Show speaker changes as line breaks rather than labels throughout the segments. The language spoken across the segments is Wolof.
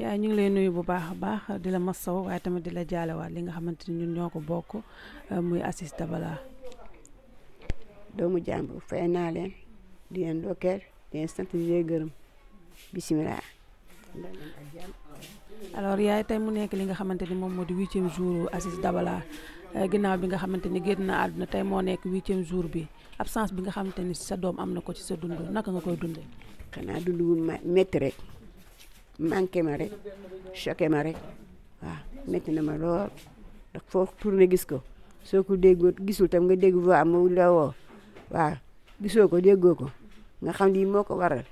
yaay ñu ngi lay nuyu bu baax a baax di la masaw waaye tamit di la jaalewaat li nga xamante ni ñun ñoo ko bokk euh, muy Aziz Dabala doomu jàmbur
fay naa leen di leen dokkeel di leen sant di leen gërëm bisimilah
alors yaay tey mu nekk li nga xamante ni moom moo di huitième jour Aziz Dabala euh, ginnaaw bi nga xamante ni génn na àdduna tey moo nekk huitième jour bi absence bi nga xamante ni sa doom am na ko ci sa dund naka nga koy dundee. xanaa dund bu metti
rek. manqué ma rek choqué ma rek waaw métti na ma lool ndax foo tourné gis ko soo ko déggoo gisul tam nga dégg am mu la woo waa gisoo ko déggoo ko nga xam lii moo ko waral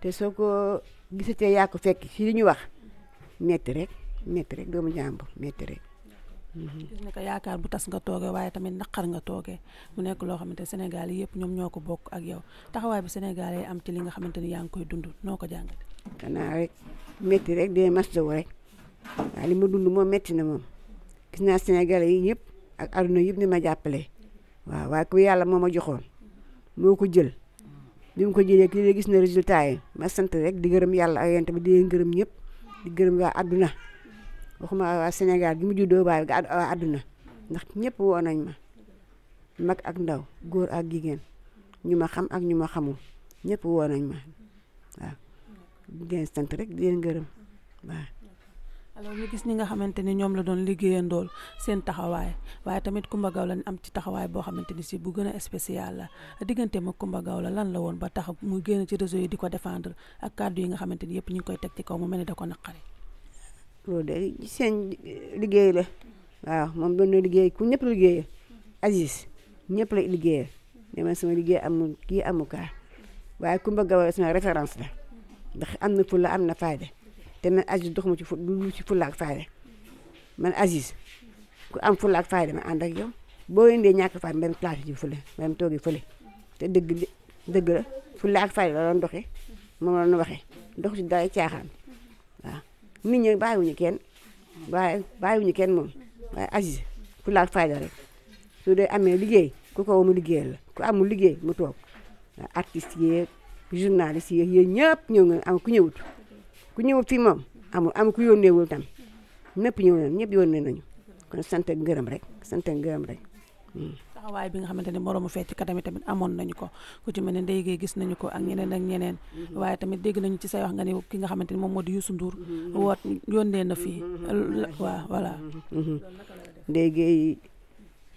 te soo ko gisatee yaa ko fekk ci li ñu wax métti rek métti rek doomu jàmbur métti rek.
Mhm. yaakaar bu tas nga toogee waaye tamit naqar nga toogee mu nekk loo xamante Sénégal yëpp ñoom ñoo ko bokk ak yow taxawaay bi Sénégal am ci li nga xamante ni yaa ngi koy dund noo ko jàngate.
xanaa rek métti rek dee mastawu rek waaye li ma dund moom metti na moom gis naa Sénégalais yi ñëpp ak àdduna yëpp ni ma jàppale waaw waaye ku yàlla moo ma joxoon moo ko jël bi mu ko jëlee ki gis na résultat yi ma sant rek di gërëm yàlla ak yéen tamit di leen gërëm ñëpp di gërëm waa àdduna waxuma waa Sénégal gi mu juddoo waaye waa ndax ñépp woo nañ ma mag ak ndaw góor ak jigéen ñu ma xam ak ñu ma xamul ñëpp woo nañ ma waaw di leen sant rek di leen gërëm waaw.
alors ñu gis ni nga xamante ni ñoom la doon liggéeyandool seen taxawaay waaye tamit Coumba Gawlo am ci taxawaay boo xamante ni si bu gën a spécial la diggante ma Coumba la lan la woon ba tax mu génn ci réseau yi di ko défendre ak kàddu yi nga xamante ni ñu ngi koy teg ci kaw mu mel ni da ko naqari.
loolu de seen liggéey la waaw moom doon na liggéey ku ñëpp la liggéeyal Aziz ñëpp la liggéeyal. ne ma sama liggéey am kii amukaay waaye Coumba Gawlo sama ndax am na fulla am na fayda te man dox doxuma ci fu lu ak fayda man Aziz ku am fulla ak fayda ma ànd ak yow boo indee ñàkk fayda même place ji fële même te dëgg li dëgg la ak fayda la doon doxee moom la ñu waxee dox ci day caaxaan waaw nit ñi bàyyiwuñu kenn waaye bàyyiwuñu kenn moom waaye Aziz fulla ak fayda rek su dee amee liggéey ku ko woo mu liggéeyal la ku amul liggéey mu toog artiste yeeg journaliste yi yéen ñëpp ñëw ngeen am ku ñëwut ku ñëwut fii moom amul am ku yónneewul tam ñëpp ñëw nañu ñëpp yónnee nañu kon sant ak ngërëm rek sant ak ngërëm rek. Hmm.
taxawaay bi nga xamante ne moroomu fecckat tamit tamit amoon nañu ko ku ci mel ne Ndeye Gueye gis nañu ko ak ñeneen ak ñeneen hmm. waaye tamit dégg nañu ci say wax nga ne ki nga xamante ne moom moo di Youssou Ndour hmm. woot yónnee na fi waaw voilà
Ndeye Gueye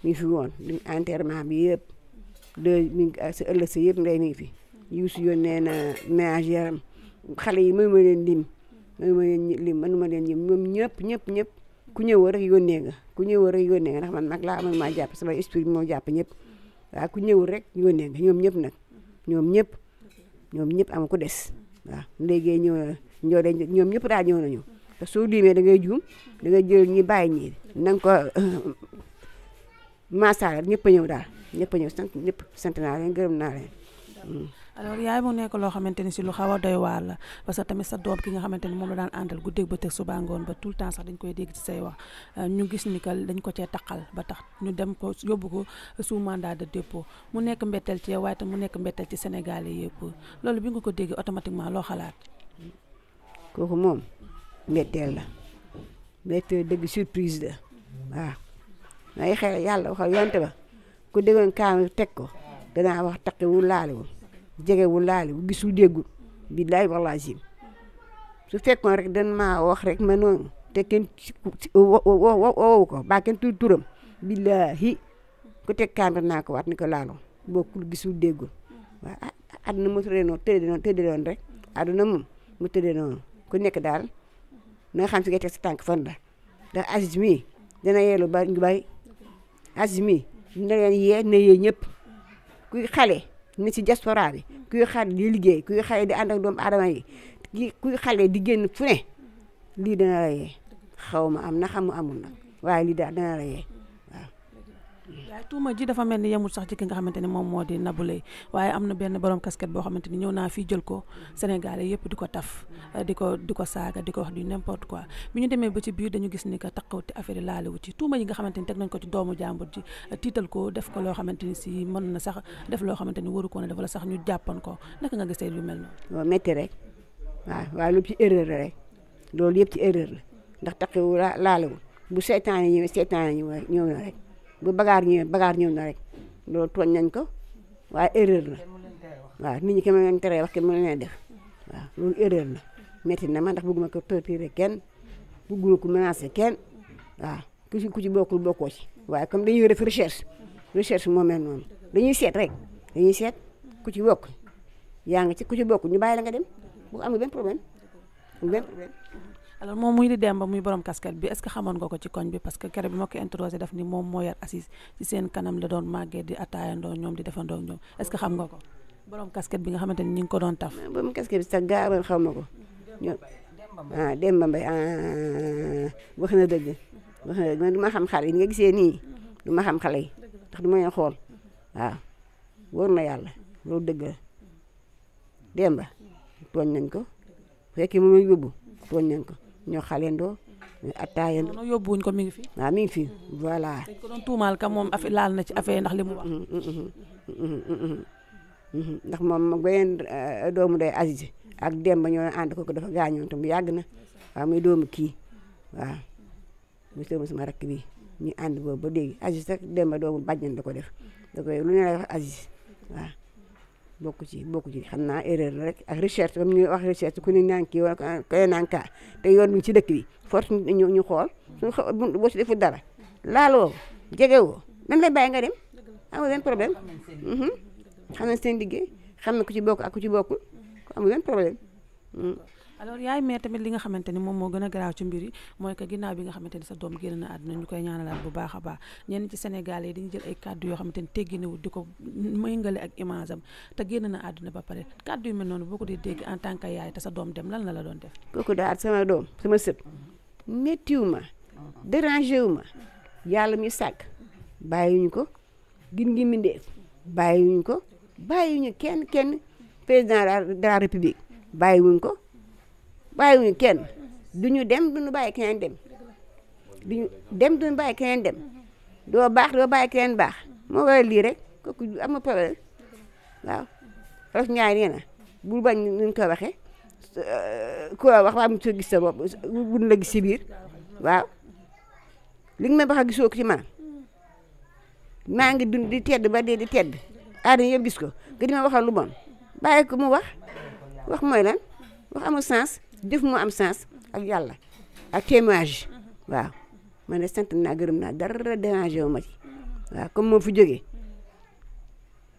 mi fi woon duñ enterrement bi yëpp de mi ngi sa ëllëg yëpp ndey mi ngi fi Youssou yónnee na ménagère am xale yi mënuma leen lim mënuma leen lim mënuma leen lim moom ñëpp ñëpp ñëpp ku ñëwoo rek yónnee nga ku ñëwoo rek yónnee nga ndax man nag laa man maa jàpp sama esprit moo jàpp ñëpp waaw ku ñëwul rek yónnee nga ñoom ñëpp nag ñoom ñëpp ñoom ñëpp am ku des waaw léegi ñëw ñoo de ñoom ñëpp daal ñëw nañu te soo diimee da ngay juum da ngay jël ñi bàyyi ñii na nga ko masaala ñëpp a ñëw daal ñëpp a ñëw sant ñëpp sant naa leen gërëm naa leen hmm.
alors yaay mu nekk loo xamante ni si lu xaw a doy waar la parce que tamit sa doom ki nga xamante ni moom la daan àndal guddeeg ba teg suba ngoon ba tout temps sax dañ koy dégg ci say wax euh, ñu gis ni que dañ ko cee taqal ba tax ñu dem ko yóbbu ko sous mandat de dépôt mu nekk mbetteel ci waaye mu nekk mbetteel ci Sénégal yi yëpp loolu bi nga ko déggee automatiquement loo xalaat.
kooku moom mbetteel la mbetteel dëgg surprise la waaw may xel yàlla waxal yonte ba ku déggoon kaanu teg ko danaa wax taqi wu laaliwul jegewul laaliwu gisul déggul billaay wallaay sim su fekkoon rek dan maa wax rek ma noonu te kenn woowu ko baa kenn tuur turam billaahi ku teg kaamir naa ko waat ni ko laalo bokkul gisul déggul waaw ah, ah, àdduna mu tëddee noonu tëddee noonu tëddee noonu rek àdduna moom mu tëddee noonu ku nekk daal na nga xam si nga teg sa tànk fan la ndax Aziz mii dana yeelu ba ñu bay Aziz mii dina leen yee na yee ñëpp kuy xale ni ci diaspora bi kuy xale di liggéey kuy xale di ànd ak doomu aadama yi ki kuy xale di génn fu ne lii dana la yee ma am na xam mu amul waaye lii daal dana la
waaye tuuma ji dafa mel ni yemul sax ci ki nga xamante ne moom moo di Nabou Leye waaye am na benn borom casquette boo xamante ni ñëw naa fii jël ko Sénégalais yëpp di ko taf di ko di ko saaga di ko wax di n'importe quoi bi ñu demee ba ci biir dañu gis ni que taxawti affaire yi laalewu ci tuuma yi nga xamante ni teg nañ ko ci doomu jàmbur ji ko def ko loo xamante ni si mën na sax def loo xamante ni waru ko na def sax ñu jàppan ko naka nga gisee lu mel noonu.
waaw métti rek waaw waaye lu ci erreur loolu yëpp ci erreur la ndax taxawu laalewul bu seetaan ñëwee seetaan ñëw na rek bu bagaar ñëwee bagaar ñëw na rek loolu tooñ nañ ko waaye erreur la waaw nit ñi kenn mën leen wax kenn mën leen def waaw loolu erreur la métti na ma ndax bëgguma ko torturer kenn bëgguma ko menacer kenn waaw ku ci ku ci bokkul ci waaye comme dañuy def recherche recherche moo noonu dañuy seet rek dañuy seet ku ci bokk yaa ngi ci ku ci bokk ñu bàyyi la nga dem bu amul benn problème amul
benn alors moom muy di Demba muy borom casquette bi est-ce que xamoon nga ko ci koñ bi parce que kere bi ma ko introsé daf ni moom moo yar assise ci seen kanam la doon màggee di ataayandoo ñoom di defandoo ñoom est-ce que xam nga ko borom casquette bi nga xamante ni ñu ko doon taf. borom casquette
bi sax gaaroon xaw ma ko. ah Demba Mbaye ah, wax na dëgg wax na dëgg man ma xam xale yi nga gisee nii du ma xam xale yi ndax du ma leen xool waaw wóor na yàlla loolu dëgg Demba nañ ko fekk mu ngi tooñ nañ ko. ñoo xalendoo ñoo attaayandoo.
non yóbbuwuñ ko mi ngi fi.
waaw mi ngi fi voilà.
dañ tuumaal ka moom affaire laal na ci affaire ndax li mu wax. Mm, mm,
mm, moom beneen euh, doomu day Aziz ak Demba ñoo ànd ko dafa gaañoon tam yàgg na waaw doomu kii waaw muy sama sama rakk bi ñu ànd boobu ba léegi Aziz ak Demba doomu bàjjen da ko def da koy lu ne bokku ci bokku ci xam naa erreur la rek ak recherche ba ñuy wax recherche ku ne naan kii wala kay naan kaa te yoon bi ci dëkk bi force ñu ñu xool suñu xo boo si deful dara laaloo jegewoo nan lay bàyyi nga dem amul benn problème mm-hmm. xam nañ seen liggéey xam na ku ci bokk ak ku ci bokkul amul benn problème mm-hmm.
alors yaay mais tamit li nga xamante ni moom moo gën a garaaw ci mbir yi mooy que ginnaaw bi nga xamante ni sa doom génn na àdduna ñu koy ñaanalaat bu baax a baax ñenn ci Sénégal yi dañuy jël ay kàddu yoo xamante ni tegginewul di ko méngale ak image am te génn na àdduna ba pare kàddu yi mel noonu boo ko dégg en tant que yaay te sa doom dem lan la la doon def
kooku daal sama doom sama sët méttiwu ma dérangé wu ma yàlla mi sàkk bàyyiwuñu ko gin ngi mindee wuñ ko bàyyiwuñu kenn kenn président de la république bàyyiwuñu ko bàyyiwuñu kenn duñu dem duñu bàyyi keneen dem duñu dem duñu bàyyi keneen dem doo baax doo bàyyi keneen baax moo waral lii rek kooku bañ nuñ ko waxee ku wax soo gis sa bopp buñ la gis si biir waaw li nga may wax a gisoo ko ci man maa ngi dund di tedd ba dee di tedd aadama yëpp gis ko nga di ma waxal lu bon bàyyi ko mu wax wax mooy lan wax amul sens jëf moo am sens ak yàlla ak témoignage mm-hmm. waaw man de sant naa gërëm naa dara dérangé wu ma ci waaw comme moo fi jógee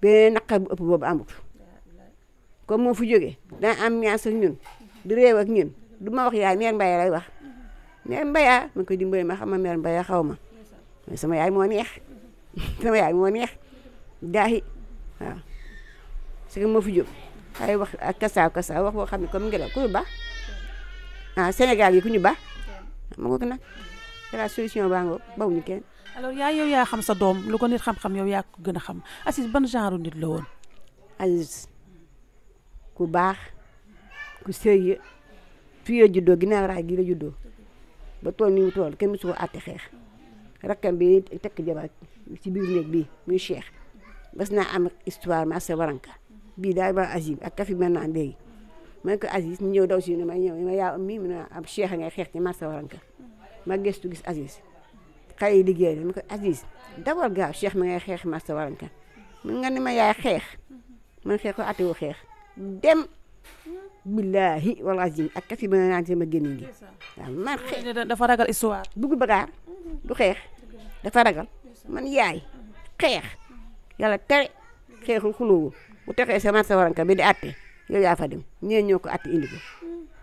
beneen naqar bu ëpp boobu amut comme moo fi jógee daa am ñaas ak di réew ak du ma wax yaay mère Mbaye la wax mm-hmm. mère Mbaye ma koy dimbali ma xam ma mère Mbaye xaw ma sama yaay moo neex mm-hmm. sama yaay moo neex daahi waaw parce que moo fi jóg xay wax ak kasaaw kasaaw wax boo xam ne ah Sénégal yi ku ñu ba ma ko nag la solution baa ngoo
xam sa doom lu ko nit xam-xam yow yaa ko gën a xam Aziz ban genre nit la woon Aziz ku baax ku sérieux fii la
juddoo ginnaaw raay gi la juddoo ba tool ni mu tool kenn musu ko àtte xeex rakkam bi tekk jabar ci biir néeg bii muy Cheikh bas naa am histoire ma sa waranka bii daal ba Aziz ak kafi mel naa léegi ma ne ko Aziz ñu ñëw daw si ne ma ñëw ma yaa am mii mu ne am Cheikh ngay xeex ci marché waranka ma gëstu gis Aziz xale yi liggéey la ma ko Aziz dawal gaaw Cheikh ma ngay xeex marché waranka mun nga ni ma yaay xeex man xeex ko atewu xeex dem billahi wal azim ak kasi bi ma naan sama génn gi man xeex
dafa ragal histoire bugg bagaar du xeex
dafa ragal man yaay xeex yàlla tere xeexul xulóowu bu texee sa marché waranka bi di atte yow yaa fa dem ñee ñoo ko at indi ko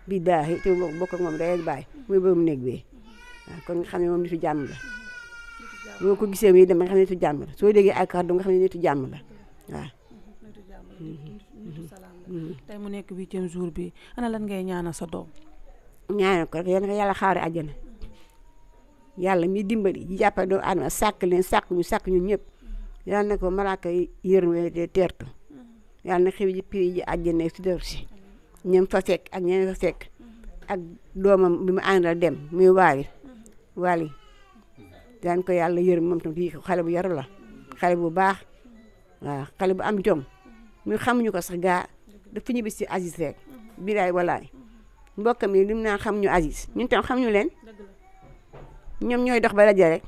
billaahi te bokk moom day bàyyi muy borom néeg bee waaw kon nga xam ne moom nitu jàmm la boo ko gisee muy dem nga xam ne soo déggee ay kàddu xam ne nitu jàmm la
mhm. mhm. Mhm. mu nekk huitième jour bi ana ngay ñaanal sa doom ñaanal ko rek yal na yàlla xaare àjjana yàlla mi dimbali ji jàppale doomu aadama
sàkk leen sàkk ñu sàkk ñun ñëpp yal na ko malaaka yërëm teertu yàlla na xew ji pii ji àjjana si def si ñoom fa fekk ak ñeneen fa fekk ak doomam bi mu àndal dem muy waali waali daan ko yàlla yërëm moom tam di xale bu yaru la xale bu baax waaw xale bu am jom ñu xamuñu ko sax gaa dafa ñibbi si Aziz rek bilaay walaay mbokkam yi lim naa ñu Aziz ñun tam xamuñu leen ñoom ñooy dox ba daje rek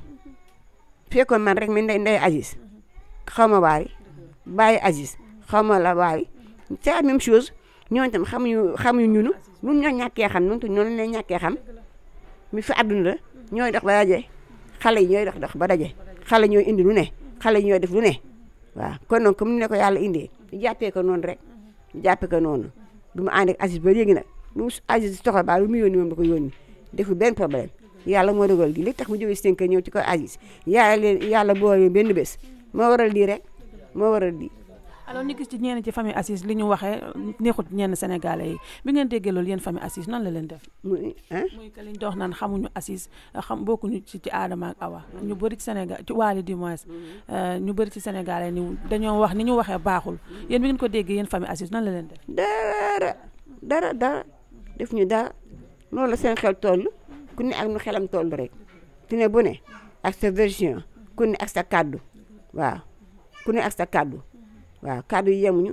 fekkoon man rek mi ndey ndey Aziz xaw ma waali bàyyi Aziz xaw ma la waaye c'est la même chose ñooñu tam xamuñu xamuñu ñunu ñun ñoo ñàkkee xam ñun tuuti noonu la ñàkkee xam mi fi àdduna la ñooy dox ba daje xale yi ñooy dox dox ba daje xale ñooy indi lu ne xale yi ñooy def lu ne waaw kon nag comme ni ne ko yàlla indee ñu jàppee ko noonu rek ñu jàppee ko noonu bi mu ànd ak Aziz ba léegi nag lu mu Aziz toxal baal lu mu yónni moom da ko yónni defu benn problème yàlla moo dogal li tax mu jógee si ñëw ci ko Aziz yàlla leen yàlla boole benn bés moo waral lii rek moo waral lii.
alors ñu gis ci ñenn ci famille Aziz li ñu waxee neexut ñenn sénégalais yi bi ngeen déggee loolu yéen famille Aziz nan la leen def. muy ah muy que liñ dox naan xamuñu Aziz xam bokkuñu ci ci Adama Awa. ñu bëri ci Sénégal ci waali du moins mm-hmm. euh, ñu bari ci sénégalais ni dañoo wax ni ñu waxee baaxul mm-hmm. yéen bi ngeen ko déggee yéen famille Aziz nan la leen def. dara dara dara def ñu dara
noonu la seen xel toll ku ne ak nu xelam toll rek ku ne bu ne ak sa version ku ne ak sa kàddu waaw ku waaw kàddu yi yemuñu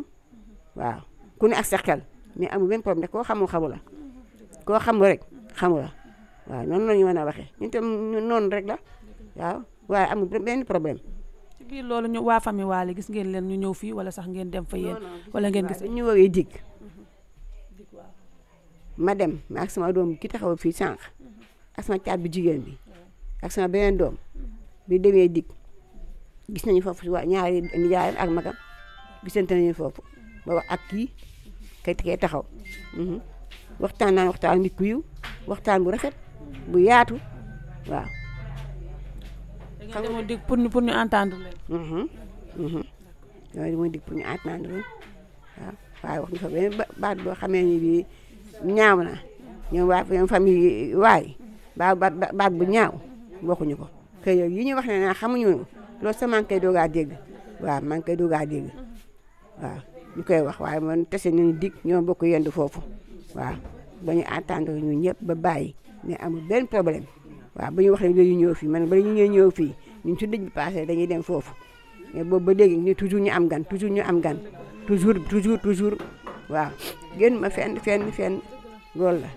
waaw ku ne ak sa xel mais amul benn problème de koo xamul xamu la koo xamul rek xamu la waaw noonu la ñu mën a waxee ñun tam noonu rek la waaw waaye amul benn problème.
ci biir loolu ñu waa famille Wally gis ngeen leen ñu ñëw fii wala sax ngeen dem fa yéen. wala ngeen gis ñu
woowee dig. ma dem ak sama doom ki taxaw fii sànq ak sama caat bu jigéen bi ak sama beneen doom bi demee dig gis nañu foofu waa ñaari nijaayam ak magam. gisante nañu foofu ba wax ak kii kay taxaw mhm. waxtaan naan waxtaan nit ku waxtaan bu rafet bu yaatu waaw. xam nga dig pour ñu pour ñu entendre leen. Mhm. Mhm. mooy dig pour waaye wax ñu fa benn baat boo xamee ni bii ñaaw na ñoom waa ñoom famille waay ba baat bu ñaaw waxuñu ko. kay yooyu yi ñu wax na naa xamuñu loolu sa maa ngi koy doog a dégg waaw maa ngi koy doog dégg. waaw ñu koy wax waaye man tase nañu dikk ñoo bokk yendu foofu waaw ba ñu entendre ñu ñëpp ba bàyyi mais amul benn problème waaw ba ñu wax rek ñëw fii man ba ñu ñëw ñëw fii ñu su dëj bi passé dañuy dem foofu mais boobu ba léegi ñu toujours ñu am gan toujours ñu am gan toujours toujours toujours waaw génn ma fenn fenn fenn loolu la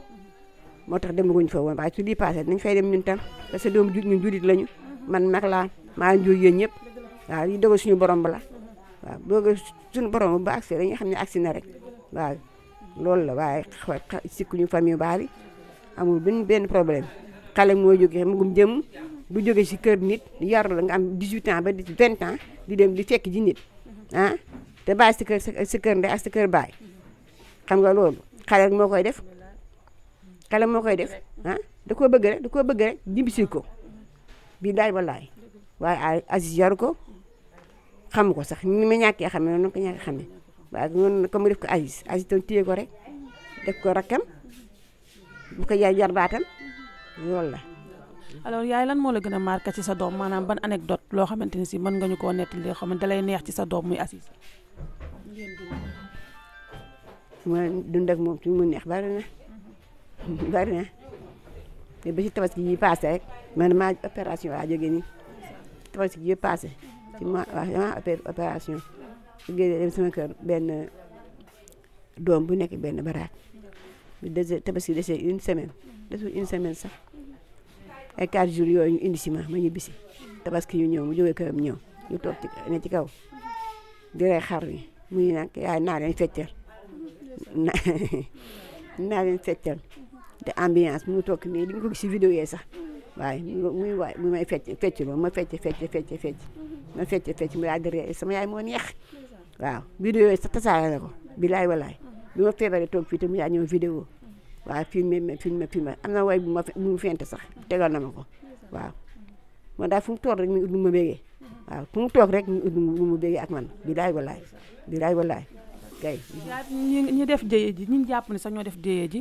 moo tax demaguñ fa woon waaye su lii passé dañ fay dem ñun tam parce que doom ñu ñun jurit lañu man mag laa maa ngi jur yéen ñëpp waaw yi dogal suñu borom ba la waaw booga suñu borom ba agsi dañuy xam ne si na rek waaw loolu la waaye sikkuñu famille baali amul benn benn problème xale moo jógee mugum jëm bu jógee si kër nit yar la nga am 18 ans ba 20 ans di dem di fekk ji nit ah te bàyyi si kër si kër ndey ak si kër baay xam nga loolu xale rek moo koy def xale moo koy def ah. da koo bëgg rek da koo bëgg rek dimbisil ko bii daay wallaay waaye Aziz yaru ko xamu ko sax ni ma ñàkkee xamee noonu ko ñàkk xamee waaye noonu comme def ko Aziz Aziz tam téye ko rek def ko rakkam bu ko
yaay jarbaatam loolu la. alors yaay lan moo la gën a marqué ci sa doom maanaam ban anecdote loo xamante ni si mën nga ñu koo nettali loo xam ne dalay neex ci sa doom muy Aziz.
ma dund moom ci mu neex bari na bari na te ba ci tabaski yi paase rek ma maa opération waa jóge nii tabaski yi paase. ci mois avant opération su génnee dem sama kër benn doom bu nekk benn baraak bu dese tabaski dese une semaine desul une semaine sax ay quatre jours yooyu ñu indi si ma ma si tabaski yu ñëw mu jógee këram ñëw ñu toog ci ne ci kaw di xar yi muy nag yaay naa leen naa leen te ambiance mu toog nii di ko gis si vidéo yee sax waaye muy waay muy may fecc fecc loo ma fecc fecc fecc fecc ma fecc fecc mu yàgg ree sama yaay moo neex waaw vidéo yi sax tasaare na ko bilaay walaay mhm. bi ma feebaree toog fii te mu yaa ñëw vidéo mhm. waaw filmé ma filmé ma am na way bu ma bu mu fente sax mhm. tegal na ma ko waaw man daal fu mu toog rek mu ut lu ma bégee waaw fu mu toog rek mu ut lu ma bégee ak man bilaay walaay bilaay walaay kay
ñi def jëye ji ñi jàpp ne sax ñoo def jëye ji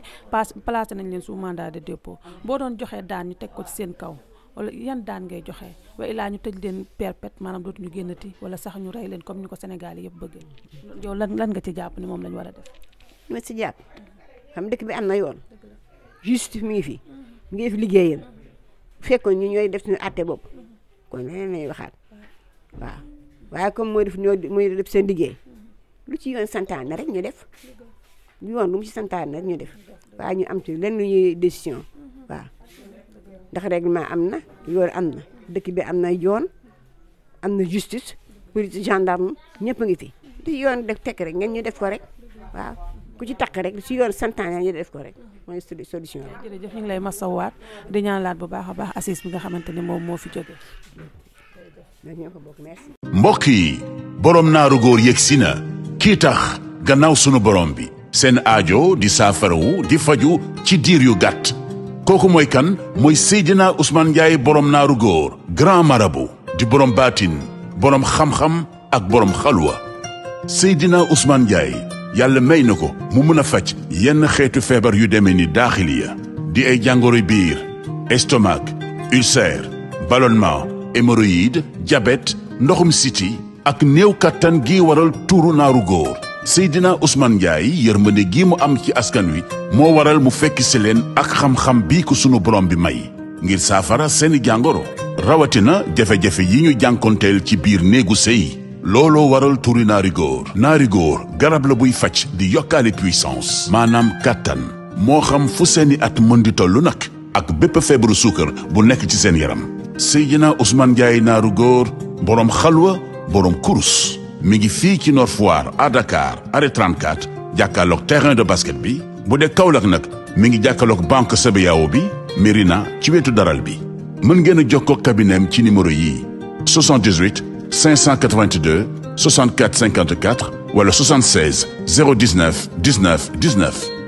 placé nañ leen sous mandat de dépôt boo doon joxee daan ñu teg ko ci seen kaw wala yan daan ngay joxe wa ilaa ñu tëj leen perpète maanaam dootuñu génnati wala sax ñu rey leen comme ñu ko Sénégal yëpp bëggee yow lan lan nga ci jàpp ni moom la ñu war a def.
ma ci jàpp xam dëkk bi am na yoon justice mi ngi fi ngi fi liggéeyam bu fekkoon ñu ñooy def suñu àtte bopp kon leneen lay waxaat waaw waaye comme mooy def ñoo mooy def seen liggéey lu ci yoon santaane rek ñu def yoon lu mu ci santaane rek ñu def waaye ñu am ci lenn décision mm-hmm. waaw. ndax règlement am na yoon am na dëkk bi am na yoon am na justice police gendarme ñëpp a ngi fi di yoon def tekk rek ngeen ñu def ko rek waaw ku ci takk rek si yoon santaane ñu def ko rek mooy solution la.
jërëjëf ñu ngi lay masawaat di ñaanalaat bu baax a baax assise bi nga xamante ne moom moo fi jóge.
mbokk yi borom naaru góor yegg si na kii tax gannaaw sunu borom bi seen aajo di saafarawu di faju ci diir yu gàtt. kooku mooy kan mooy Seydina usmaan Ndiaye boroom naaru góor grand marabout di borom baatin borom xam-xam ak borom xalwa Seydina Ousmane Ndiaye yàlla may na ko mu mën a faj yenn xeetu feebar yu demee ni daaxiliya di ay jàngoro biir estomac ulcère ballonnement hémorroïde diabète ndoxum siti ak néew kattan gi waral tuuru naaru góor Seydina Ousmane Ndiaye yërmande gi mu am ci askan wi moo waral mu fekk si leen ak xam-xam bii ko sunu borom bi may ngir saafara seeni jàngoro rawatina jafe-jafe yi ñu jànkonteel ci biir néegu sëy looloo waral turi naari góor naari góor garab la buy faj di yokkaale puissance maanaam kàttan moo xam fu seeni at mën di tollu nag ak bépp feebaru suukar bu nekk ci seen yaram Seydina Ousmane Ndiaye naaru góor boroom xalwa boroom kurus mi ngi fii ci Nord Foire à Dakar arrêt 34 terrain de basket bi bu dee Kaolack nag mi ngi jàkkaarloog banque CBAO bi Mérina ci wetu daral bi. mën ngeen a jokkoo cabineem ci numéro yii 78 582 64 54 wala 76 019 19 19.